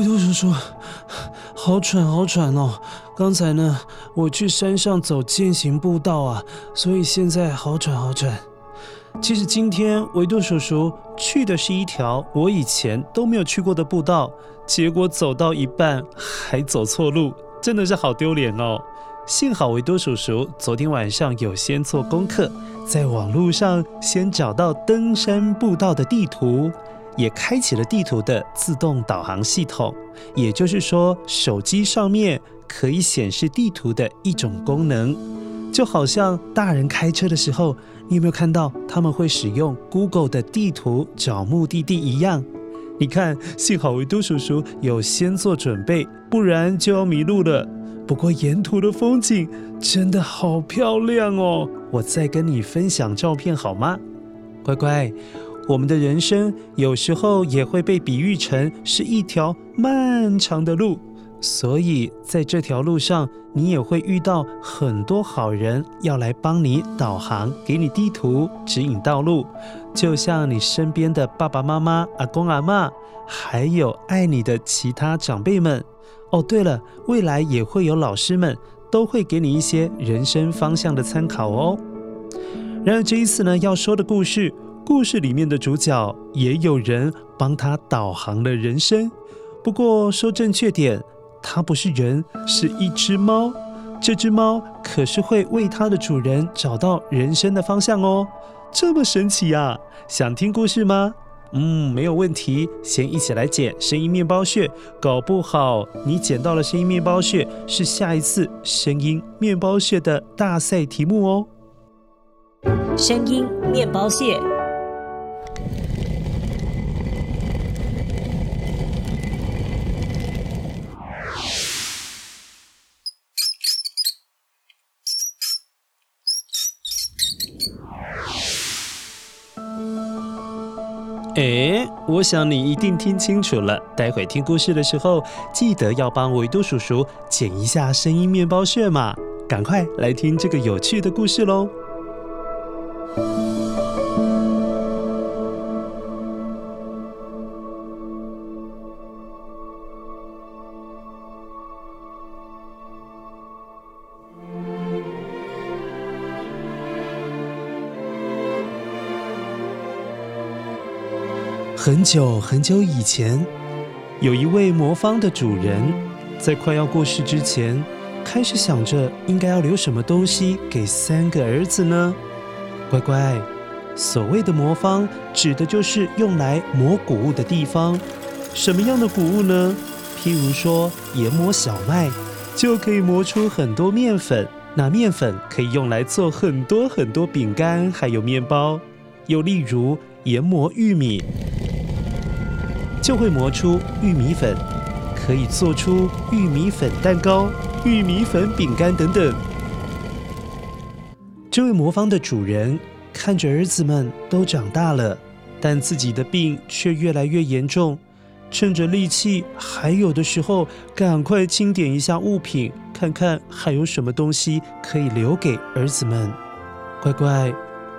維多叔叔，好喘，好喘哦！剛才呢，我去山上走健行步道啊，所以現在好喘，好喘。其實今天維多叔叔去的是一條我以前都沒有去過的步道，結果走到一半還走錯路，真的是好丟臉哦。幸好維多叔叔昨天晚上有先做功課，在網路上先找到登山步道的地圖。也開啟了地圖的自動導航系統，也就是說，手機上面可以顯示地圖的一種功能，就好像大人開車的時候，你有沒有看到他們會使用 Google 的地圖找目的地一樣？你看，幸好維多叔叔有先做準備，不然就要迷路了。不過沿途的風景真的好漂亮哦，我再跟你分享照片好嗎？乖乖。我們的人生有時候也會被比喻成是一條漫長的路，所以在這條路上，你也會遇到很多好人要來幫你導航，給你地圖指引道路。就像你身邊的爸爸媽媽、阿公阿嬤，還有愛你的其他長輩們。哦，對了，未來也會有老師們都會給你一些人生方向的參考哦。然而這一次呢，要說的故事。故事裡面的主角也有人幫他導航了人生，不過說正確點，它不是人，是一隻貓。這隻貓可是會為它的主人找到人生的方向哦，這麼神奇啊！想聽故事嗎？嗯，沒有問題，先一起來撿聲音麵包屑，搞不好你撿到了聲音麵包屑，是下一次聲音麵包屑的大賽題目哦。聲音麵包屑。我想你一定聽清楚了，待會聽故事的時候，記得要幫維多叔叔剪一下聲音麵包屑嘛！趕快來聽這個有趣的故事嘍！很久很久以前，有一位磨坊的主人，在快要過世之前，開始想着應該要留什麼東西給三個兒子呢？乖乖，所謂的磨坊指的就是用來磨穀物的地方。什麼樣的穀物呢？譬如說，研磨小麥，就可以磨出很多麵粉。那麵粉可以用來做很多很多餅乾，還有麵包。又例如，研磨玉米。就會磨出玉米粉，可以做出玉米粉蛋糕、玉米粉餅乾等等。這位磨坊的主人看着兒子們都長大了，但自己的病卻越來越嚴重。趁着力氣還有的時候，趕快清點一下物品，看看還有什麼東西可以留給兒子們。乖乖，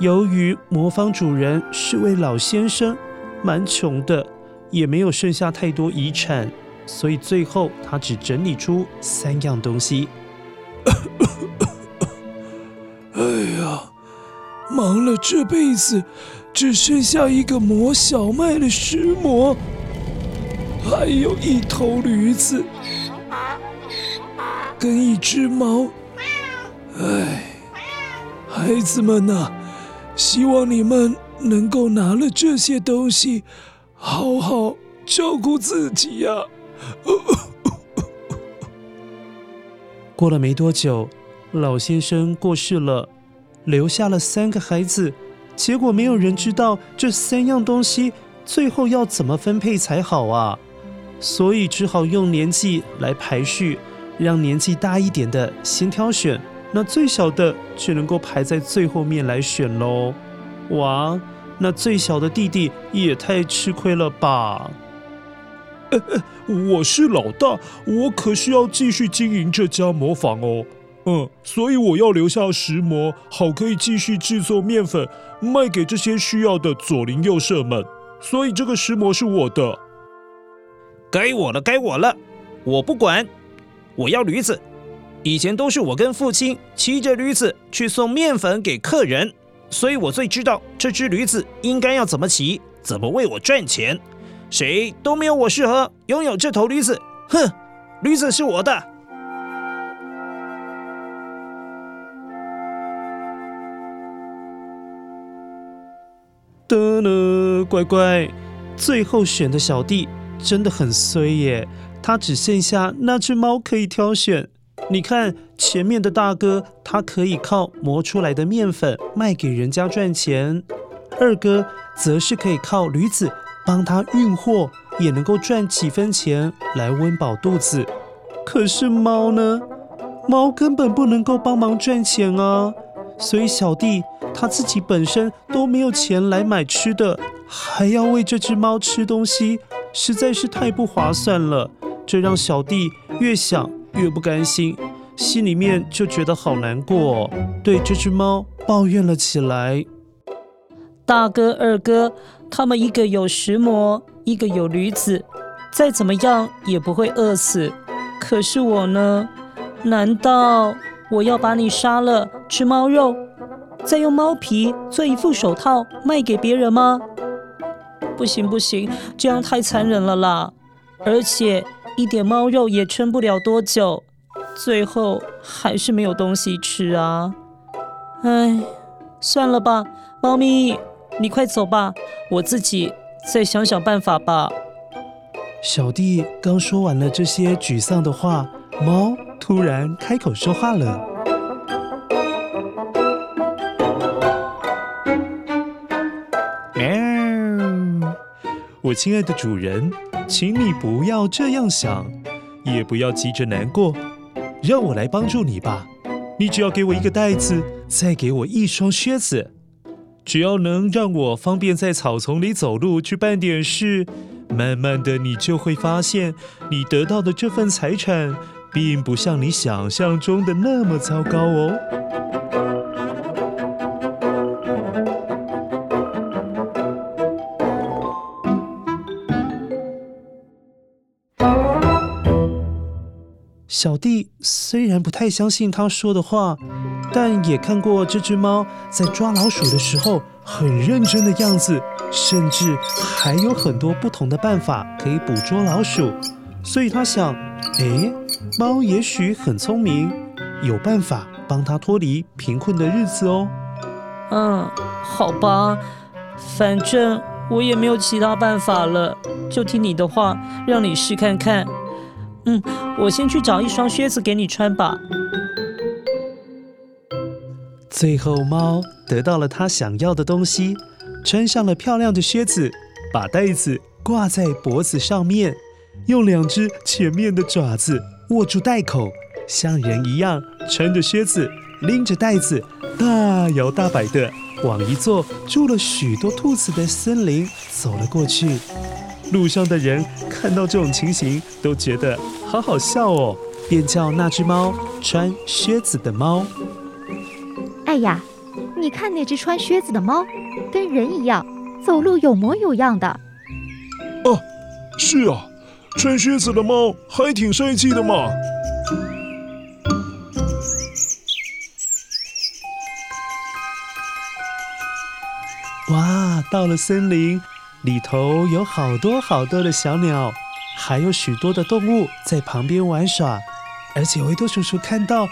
由於磨坊主人是位老先生，蠻窮的。也沒有剩下太多遺產，所以最後他只整理出三樣東西。 哎呀，忙了這輩子，只剩下一個磨小麥的石磨，還有一頭驢子，跟一隻貓。哎，孩子們吶、啊，希望你們能夠拿了這些東西，好好照顧自己呀、啊！ 過了沒多久，老先生過世了，留下了三個孩子。結果沒有人知道這三樣東西最後要怎麼分配才好啊，所以只好用年紀來排序，讓年紀大一點的先挑選，那最小的只能夠排在最後面來選嘍。哇！那最小的弟弟也太吃虧了吧？呃呃，我是老大，我可是要繼續經營這家磨坊哦。嗯，所以我要留下石磨，好可以繼續製作麵粉，賣給這些需要的左鄰右舍們。所以這個石磨是我的。該我了，該我了，我不管，我要驢子。以前都是我跟父親騎着驢子去送麵粉給客人。所以我最知道這隻驢子應該要怎麼騎，怎麼為我賺錢。誰都沒有我適合擁有這頭驢子。哼，驢子是我的。得了，乖乖，最後選的小弟真的很衰耶。他只剩下那隻貓可以挑選。你看前面的大哥，他可以靠磨出來的麵粉賣給人家賺錢；二哥則是可以靠驢子幫他運貨，也能夠賺幾分錢來溫飽肚子。可是貓呢？貓根本不能夠幫忙賺錢啊！所以小弟他自己本身都沒有錢來買吃的，還要餵這隻貓吃東西，實在是太不划算了。這讓小弟越想。越不甘心，心裡面就覺得好難過，對這只貓抱怨了起來：“大哥、二哥，他們一個有石磨，一個有驢子，再怎麼樣也不會餓死。可是我呢？難道我要把你殺了吃貓肉，再用貓皮做一副手套賣給別人嗎？不行，不行，這樣太殘忍了啦！而且……”一點貓肉也撐不了多久，最後還是沒有東西吃啊！唉，算了吧，貓咪，你快走吧，我自己再想想辦法吧。小弟剛說完了這些沮喪的話，貓突然開口說話了：“喵，我親愛的主人。”請你不要這樣想，也不要急着難過，讓我來幫助你吧。你只要給我一個袋子，再給我一雙靴子，只要能讓我方便在草叢裡走路去辦點事，慢慢的你就會發現，你得到的這份財產，並不像你想象中的那麼糟糕哦。小弟雖然不太相信他說的話，但也看過這隻貓在抓老鼠的時候很認真的樣子，甚至還有很多不同的辦法可以捕捉老鼠，所以他想，誒，貓也許很聰明，有辦法幫他脫離貧困的日子哦。嗯，好吧，反正我也沒有其他辦法了，就聽你的話，讓你試看看。嗯，我先去找一雙靴子給你穿吧。最後，貓得到了它想要的東西，穿上了漂亮的靴子，把袋子掛在脖子上面，用兩只前面的爪子握住袋口，像人一樣穿着靴子，拎着袋子，大搖大擺地往一座住了許多兔子的森林走了過去。路上的人看到這種情形，都覺得好好笑哦，便叫那隻貓“穿靴子的貓”。哎呀，你看那隻穿靴子的貓，跟人一樣，走路有模有樣的。哦、啊，是啊，穿靴子的貓還挺帥氣的嘛。哇，到了森林。裡頭有好多好多的小鳥，還有許多的動物在旁邊玩耍。而且維多叔叔看到，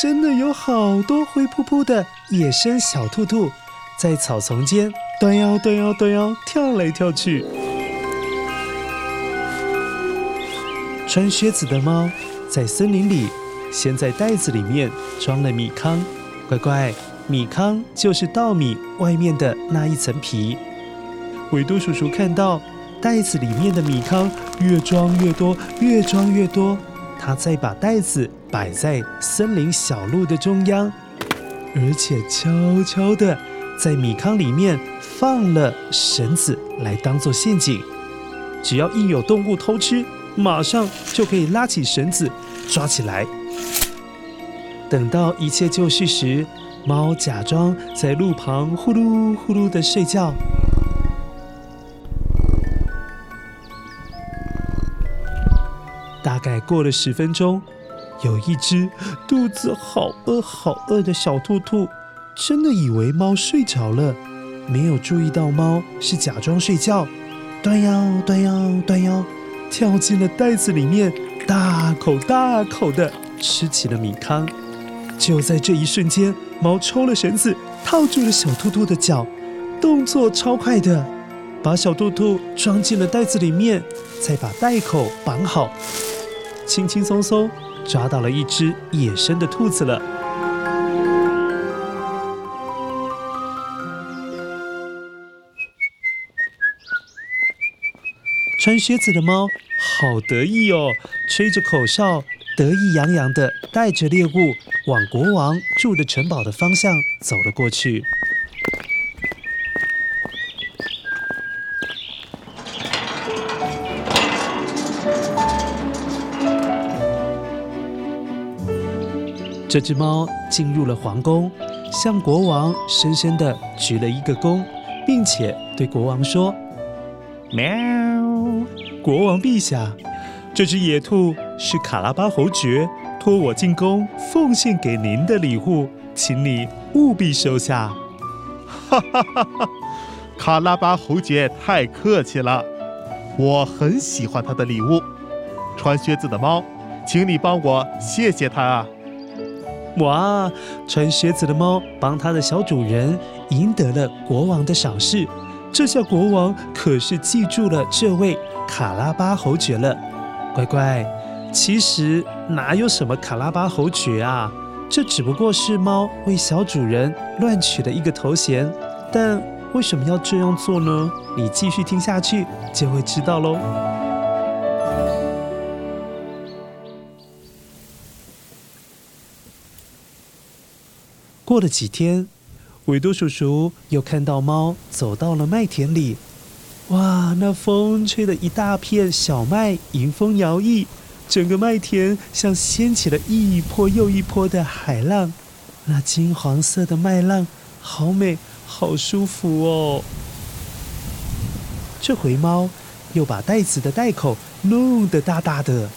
真的有好多灰撲撲的野生小兔兔，在草叢間端腰端腰端腰跳來跳去。穿靴子的貓在森林裡，先在袋子裡面裝了米糠。乖乖，米糠就是稻米外面的那一層皮。維多叔叔看到袋子裡面的米糠越裝越多，越裝越多。他再把袋子擺在森林小路的中央，而且悄悄的在米糠裡面放了繩子來當做陷阱。只要一有動物偷吃，馬上就可以拉起繩子抓起來。等到一切就緒時，貓假裝在路旁呼嚕呼嚕的睡覺。大概過了十分鐘，有一隻肚子好餓、好餓的小兔兔，真的以為貓睡着了，沒有注意到貓是假裝睡覺。斷腰、斷腰、斷腰，跳進了袋子裡面，大口大口的吃起了米糠。就在這一瞬間，貓抽了繩子，套住了小兔兔的腳，動作超快的，把小兔兔裝進了袋子裡面，再把袋口綁好。輕輕鬆鬆抓到了一隻野生的兔子了。穿靴子的貓好得意哦，吹着口哨，得意洋洋的帶着獵物往國王住的城堡的方向走了過去。這隻貓進入了皇宮，向國王深深地鞠了一個躬，並且對國王說：“喵，國王陛下，這隻野兔是卡拉巴侯爵托我進宮奉獻給您的禮物，請你務必收下。”哈，哈哈哈，卡拉巴侯爵太客氣了，我很喜歡他的禮物。穿靴子的貓，請你幫我謝謝他啊。哇！穿靴子的貓幫他的小主人贏得了國王的賞識，這下國王可是記住了這位卡拉巴侯爵了。乖乖，其實哪有什麼卡拉巴侯爵啊，這只不過是貓為小主人亂取的一個頭銜。但為什麼要這樣做呢？你繼續聽下去就會知道嘍。過了幾天，維多叔叔又看到貓走到了麥田裡。哇，那風吹得一大片小麥迎風搖曳，整個麥田像掀起了一波又一波的海浪。那金黃色的麥浪，好美，好舒服哦。這回貓又把袋子的袋口弄得大大的，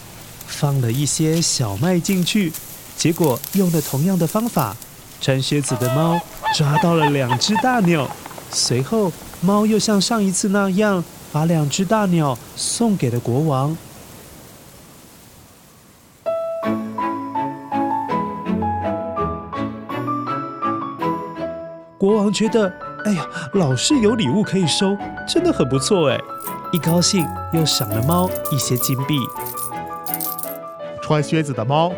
放了一些小麥進去，結果用了同樣的方法。穿靴子的貓抓到了兩隻大鳥，隨後貓又像上一次那樣把兩隻大鳥送給了國王。國王覺得，哎呀，老是有禮物可以收，真的很不錯哎！一高興又賞了貓一些金幣。穿靴子的貓，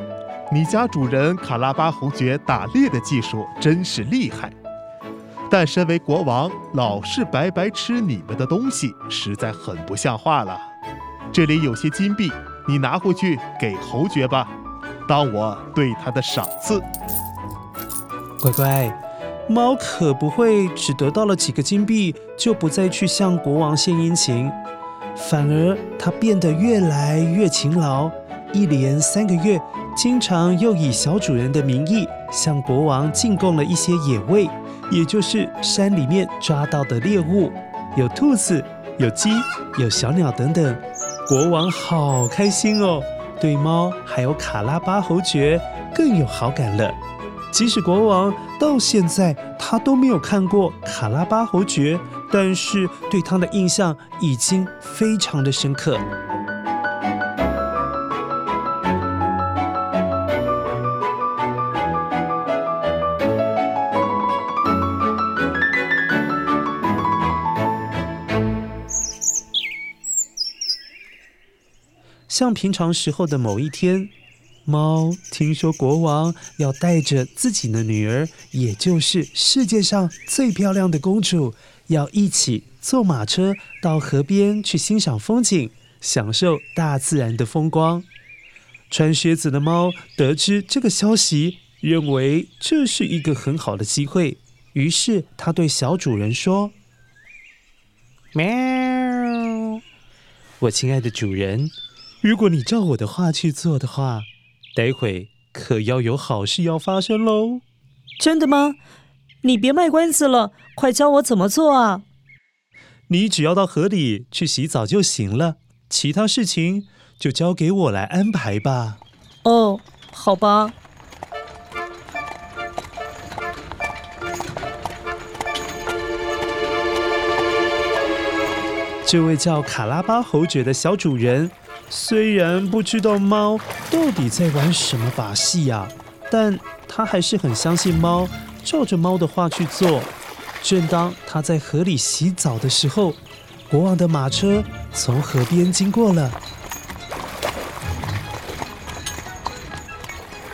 你家主人卡拉巴侯爵打獵的技術真是厲害，但身為國王，老是白白吃你們的東西，實在很不像話了。這裡有些金幣，你拿回去給侯爵吧，當我對他的賞賜。乖乖，貓可不會只得到了幾個金幣就不再去向國王獻殷勤，反而它變得越來越勤勞，一連三個月。經常又以小主人的名義向國王進貢了一些野味，也就是山裡面抓到的獵物，有兔子、有雞、有小鳥等等。國王好開心哦，對貓還有卡拉巴侯爵更有好感了。即使國王到現在他都沒有看過卡拉巴侯爵，但是對他的印象已經非常的深刻。像平常時候的某一天，貓聽說國王要帶着自己的女兒，也就是世界上最漂亮的公主，要一起坐馬車到河邊去欣賞風景，享受大自然的風光。穿靴子的貓得知這個消息，認為這是一個很好的機會，於是他對小主人說：“喵，我親愛的主人。”如果你照我的話去做的話，待會可要有好事要發生嘍。真的嗎？你別賣關子了，快教我怎麼做啊。你只要到河裡去洗澡就行了，其他事情就交給我來安排吧。哦，好吧。這位叫卡拉巴侯爵的小主人。雖然不知道貓到底在玩什麼把戲呀、啊，但他還是很相信貓，照着貓的話去做。正當他在河裡洗澡的時候，國王的馬車從河邊經過了，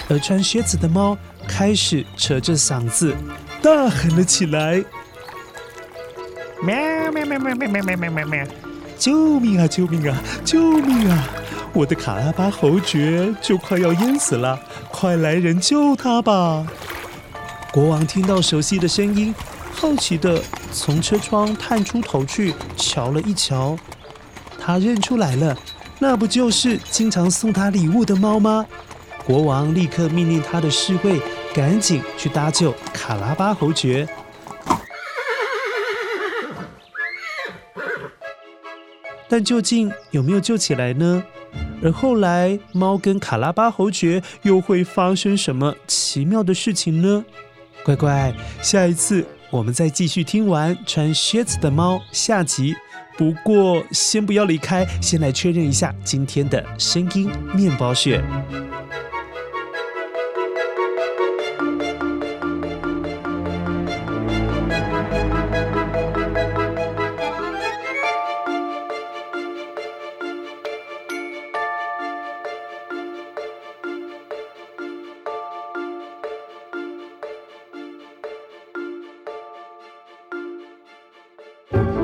而穿靴子的貓開始扯着嗓子大喊了起來：“喵喵喵喵喵喵喵喵喵喵！救命啊！救命啊！救命啊！”我的卡拉巴侯爵就快要淹死了，快來人救他吧！國王聽到熟悉的聲音，好奇的從車窗探出頭去瞧了一瞧，他認出來了，那不就是經常送他禮物的貓嗎？國王立刻命令他的侍衛趕緊去搭救卡拉巴侯爵， 但究竟有沒有救起來呢？而後來，貓跟卡拉巴侯爵又會發生什麼奇妙的事情呢？乖乖，下一次我們再繼續聽完《穿靴子的貓》下集。不過先不要離開，先來確認一下今天的聲音面包屑。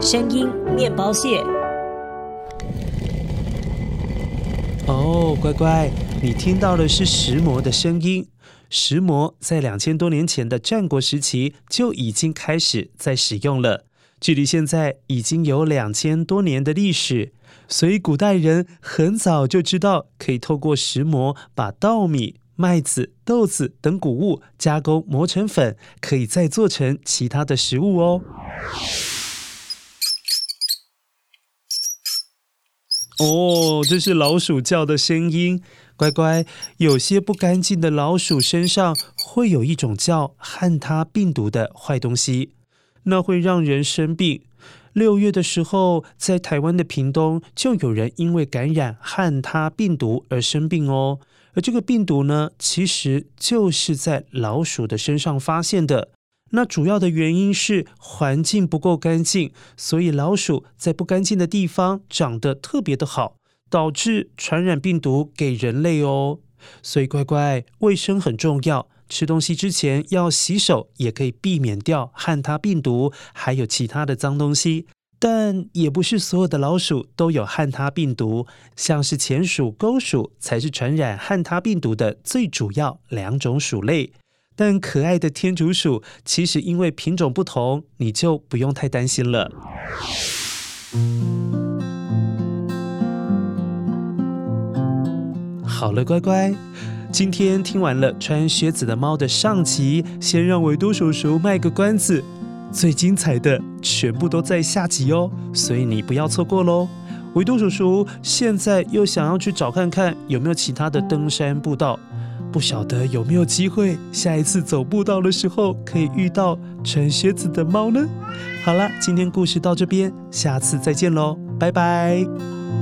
聲音麵包屑哦，oh, 乖乖，你聽到的是石磨的聲音。石磨在兩千多年前的戰國時期就已經開始在使用了，距離現在已經有兩千多年的歷史。所以古代人很早就知道，可以透過石磨把稻米、麥子、豆子等穀物加工磨成粉，可以再做成其他的食物哦。哦，這是老鼠叫的聲音。乖乖，有些不乾淨的老鼠身上會有一種叫漢他病毒的壞東西，那會讓人生病。六月的時候，在台灣的屏東就有人因為感染漢他病毒而生病哦。而這個病毒呢，其實就是在老鼠的身上發現的。那主要的原因是環境不夠乾淨，所以老鼠在不乾淨的地方長得特別的好，導致傳染病毒給人類哦。所以乖乖，衛生很重要，吃東西之前要洗手，也可以避免掉漢他病毒還有其他的髒東西。但也不是所有的老鼠都有漢他病毒，像是錢鼠、溝鼠才是傳染漢他病毒的最主要兩種鼠類。但可愛的天竺鼠，其實因為品種不同，你就不用太擔心了。好了，乖乖，今天聽完了穿靴子的貓的上集，先讓維多叔叔賣個關子，最精彩的全部都在下集哦，所以你不要錯過嘍。維多叔叔現在又想要去找看看有沒有其他的登山步道。不曉得有沒有機會，下一次走步道的時候可以遇到穿靴子的貓呢？好了，今天故事到這邊，下次再見嘍，拜拜。